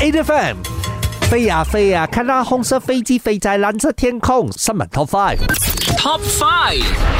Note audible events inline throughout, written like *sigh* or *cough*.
A. F. M. 飛呀、啊、飛呀、啊，看到紅色飛機飛在藍色天空。新聞 Top Five。Top Five。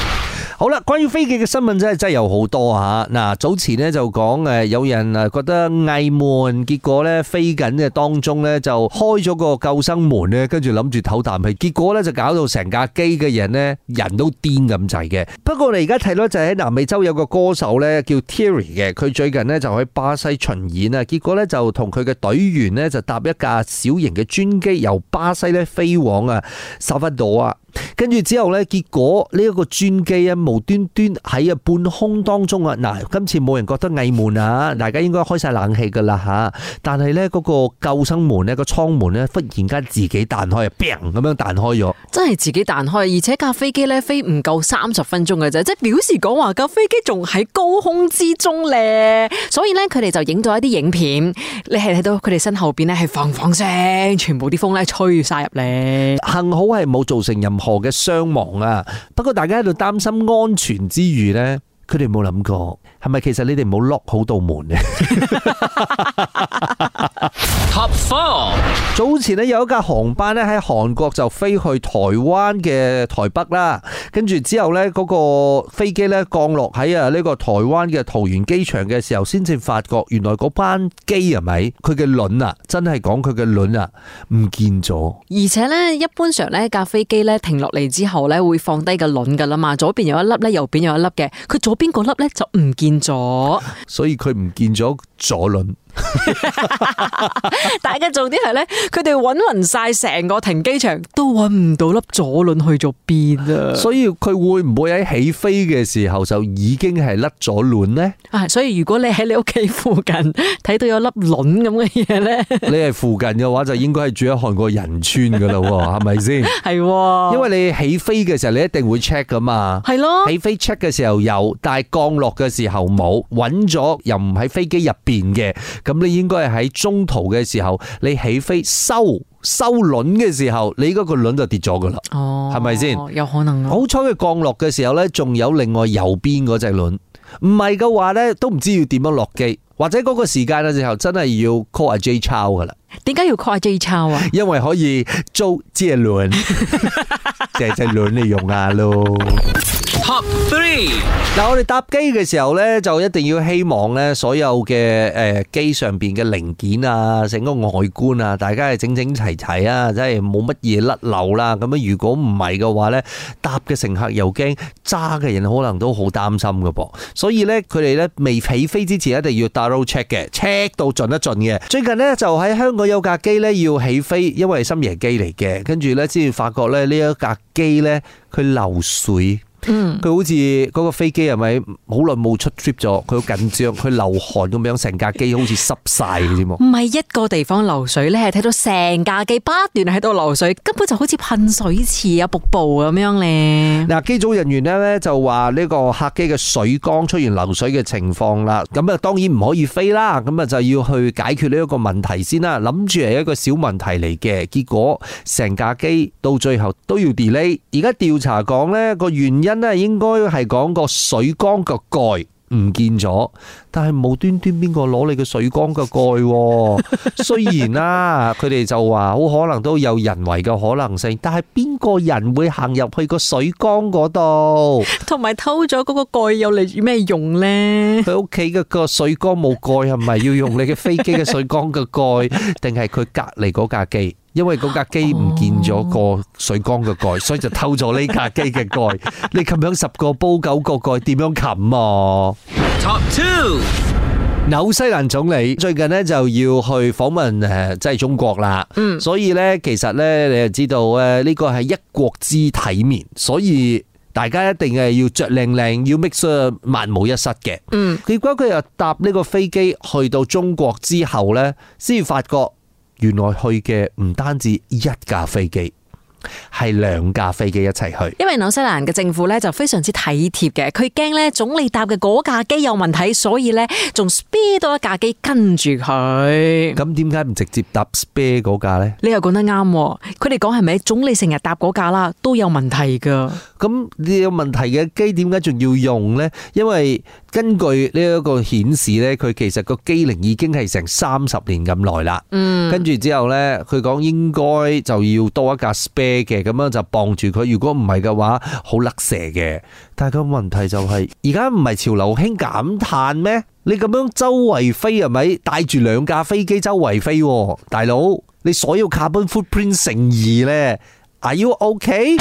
好啦，關於飛機嘅新聞真係真係有好多吓。嗱、啊，早前呢就講誒，有人啊覺得翳悶，結果呢飛緊嘅當中呢就開咗個救生門呢，跟住諗住唞啖氣，結果呢就搞到成架機嘅人呢人都癲咁滯嘅。不過你而家睇到就喺、是、南美洲有個歌手呢叫 Terry 嘅，佢最近呢就喺巴西巡演啊，結果呢就同佢嘅隊員呢就搭一架小型嘅專機由巴西呢飛往啊薩凡島啊。跟住之後呢，結果呢一個專機啊，無端端喺啊半空當中啊，嗱，今次冇人覺得翳悶啊，大家應該開晒冷氣噶啦吓。但係呢，嗰個救生門呢、呢個艙門呢，忽然間自己彈開啊，砰咁樣彈開咗，真係自己彈開，而且架飛機呢，飛唔夠三十分鐘嘅啫，即係表示講話架飛機仲喺高空之中咧。所以呢，佢哋就影咗一啲影片，你係睇到佢哋身後邊呢，係放放聲，全部啲風呢，吹晒入嚟，幸好係冇造成任何。何嘅傷亡啊？不過大家喺度擔心安全之餘咧。佢哋冇諗過，係咪其實你哋冇 lock 好道門咧？ *laughs* *laughs* 早前咧有一架航班咧喺韓國就飛去台灣嘅台北啦，跟住之後呢，嗰個飛機咧降落喺啊呢個台灣嘅桃園機場嘅時候，先至發覺原來嗰班機係咪佢嘅輪啊，真係講佢嘅輪啊唔見咗。而且呢，一般上呢架飛機咧停落嚟之後呢，會放低個輪噶啦嘛，左邊有一粒呢，右邊有一粒嘅，佢邊個粒咧就唔見咗， *laughs* 所以佢唔見咗左輪。大家做啲係咧，佢哋揾匀晒成個停機場都揾唔到粒左輪去咗邊啊！所以佢會唔會喺起飛嘅時候就已經係甩咗輪咧？啊！所以如果你喺你屋企附近睇到有粒輪咁嘅嘢，咧，你係附近嘅話就應該係住喺韓國仁川噶啦，係咪先？係，因為你起飛嘅時候你一定會 check 噶嘛。係咯，起飛 check 嘅時候有，但係降落嘅時候冇，揾咗又唔喺飛機入邊嘅咁。咁你應該係喺中途嘅時候，你起飛收收輪嘅時候，你嗰個輪就跌咗噶啦，係咪先？吧有可能啊！好彩佢降落嘅時候咧，仲有另外右邊嗰隻輪，唔係嘅話咧，都唔知要點樣落機，或者嗰個時間嘅時候真係要 call 阿 J 超噶啦。點解要 call 阿 J 超啊？因為可以租隻輪，借隻輪嚟用下咯。Top three 嗱，我哋搭機嘅時候呢，就一定要希望呢所有嘅誒機上邊嘅零件啊，整個外觀啊，大家係整整齊齊啊，真係冇乜嘢甩漏啦。咁樣如果唔係嘅話呢，搭嘅乘客又驚揸嘅人可能都好擔心噶、啊、噃。所以呢，佢哋呢未起飛之前一定要 double check 嘅，check 到盡一盡嘅。最近呢，就喺香港有架機呢要起飛，因為深夜機嚟嘅，跟住呢，先至發覺呢呢一架機呢，佢漏水。嗯，佢好似嗰個飛機係咪好耐冇出 trip 咗？佢好緊張，佢流汗咁樣，成架機好似濕晒嘅啫嘛。唔係一個地方流水咧，係睇到成架機不斷喺度流水，根本就好似噴水池啊瀑布咁樣咧。嗱，機組人員咧就話呢個客機嘅水缸出現漏水嘅情況啦，咁啊當然唔可以飛啦，咁啊就要去解決呢一個問題先啦。諗住係一個小問題嚟嘅，結果成架機到最後都要 delay。而家調查講咧個原因。咧應該係講個水缸個蓋唔見咗，但係無端端邊個攞你個水缸個蓋？雖然啦，佢哋就話好可能都有人為嘅可能性，但係邊個人會行入去個水缸嗰度？同埋偷咗嗰個蓋有嚟咩用呢？佢屋企嗰個水缸冇蓋係咪要用你嘅飛機嘅水缸嘅蓋？定係佢隔籬嗰架機？因為嗰架機唔見咗個水缸嘅蓋，所以就偷咗呢架機嘅蓋。你冚樣十個煲九個蓋，點樣冚啊？Top two，紐西蘭總理最近咧就要去訪問誒，即係中國啦。嗯，所以咧，其實咧，你就知道誒，呢個係一國之體面，所以大家一定係要着靚靚，要 make sure 萬無一失嘅。嗯，結果佢又搭呢個飛機去到中國之後咧，先發覺。原來去嘅唔單止一架飛機，係兩架飛機一齊去。因為紐西蘭嘅政府呢就非常之體貼嘅，佢驚咧總理搭嘅嗰架機有問題，所以呢仲 spare 多一架機跟住佢。咁點解唔直接搭 spare 嗰架呢？你又講得啱，啊，佢哋講係咪總理成日搭嗰架啦，都有問題噶。咁呢個問題嘅機點解仲要用咧？因為根據呢一個顯示咧，佢其實個機齡已經係成三十年咁耐啦。嗯，跟住之後咧，佢講應該就要多一架 spare 嘅，咁樣就綁住佢。如果唔係嘅話，好甩蛇嘅。但係個問題就係，而家唔係潮流興減碳咩？你咁樣周圍飛係咪帶住兩架飛機周圍飛？大佬，你所有 carbon footprint 成疑咧？Are you okay？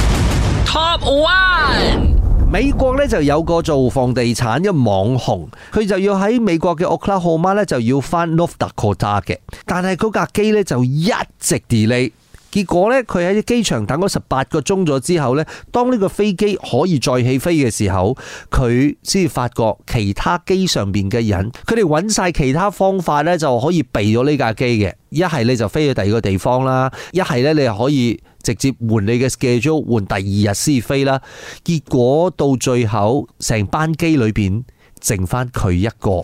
Top One，美國咧就有個做房地產嘅網紅，佢就要喺美國嘅 Oklahoma 咧就要返 North Dakota 嘅，但係嗰架機咧就一直 delay。結果咧，佢喺機場等咗十八個鐘咗之後呢，當呢個飛機可以再起飛嘅時候，佢先至發覺其他機上邊嘅人，佢哋揾晒其他方法呢，就可以避咗呢架機嘅。一係咧就飛去第二個地方啦，一係呢，你就可以直接換你嘅 schedule，換第二日先飛啦。結果到最後，成班機裏邊剩翻佢一個。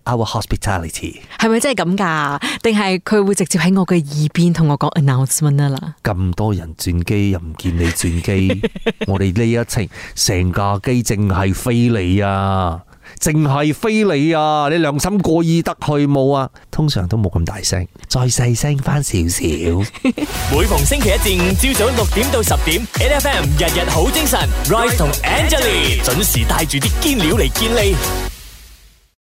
Our hospitality 係咪真係咁噶？定係佢會直接喺我嘅耳邊同我講 announcement 啊啦！咁多人轉機又唔見你轉機，我哋呢一程成架機淨係飛你啊，淨係飛你啊！你良心過意得去冇啊？通常都冇咁大聲，再細聲翻少少。每逢星期一至五朝早六點到十點，NFM 日日好精神，Rise 同 Angelina 準時帶住啲堅料嚟見你。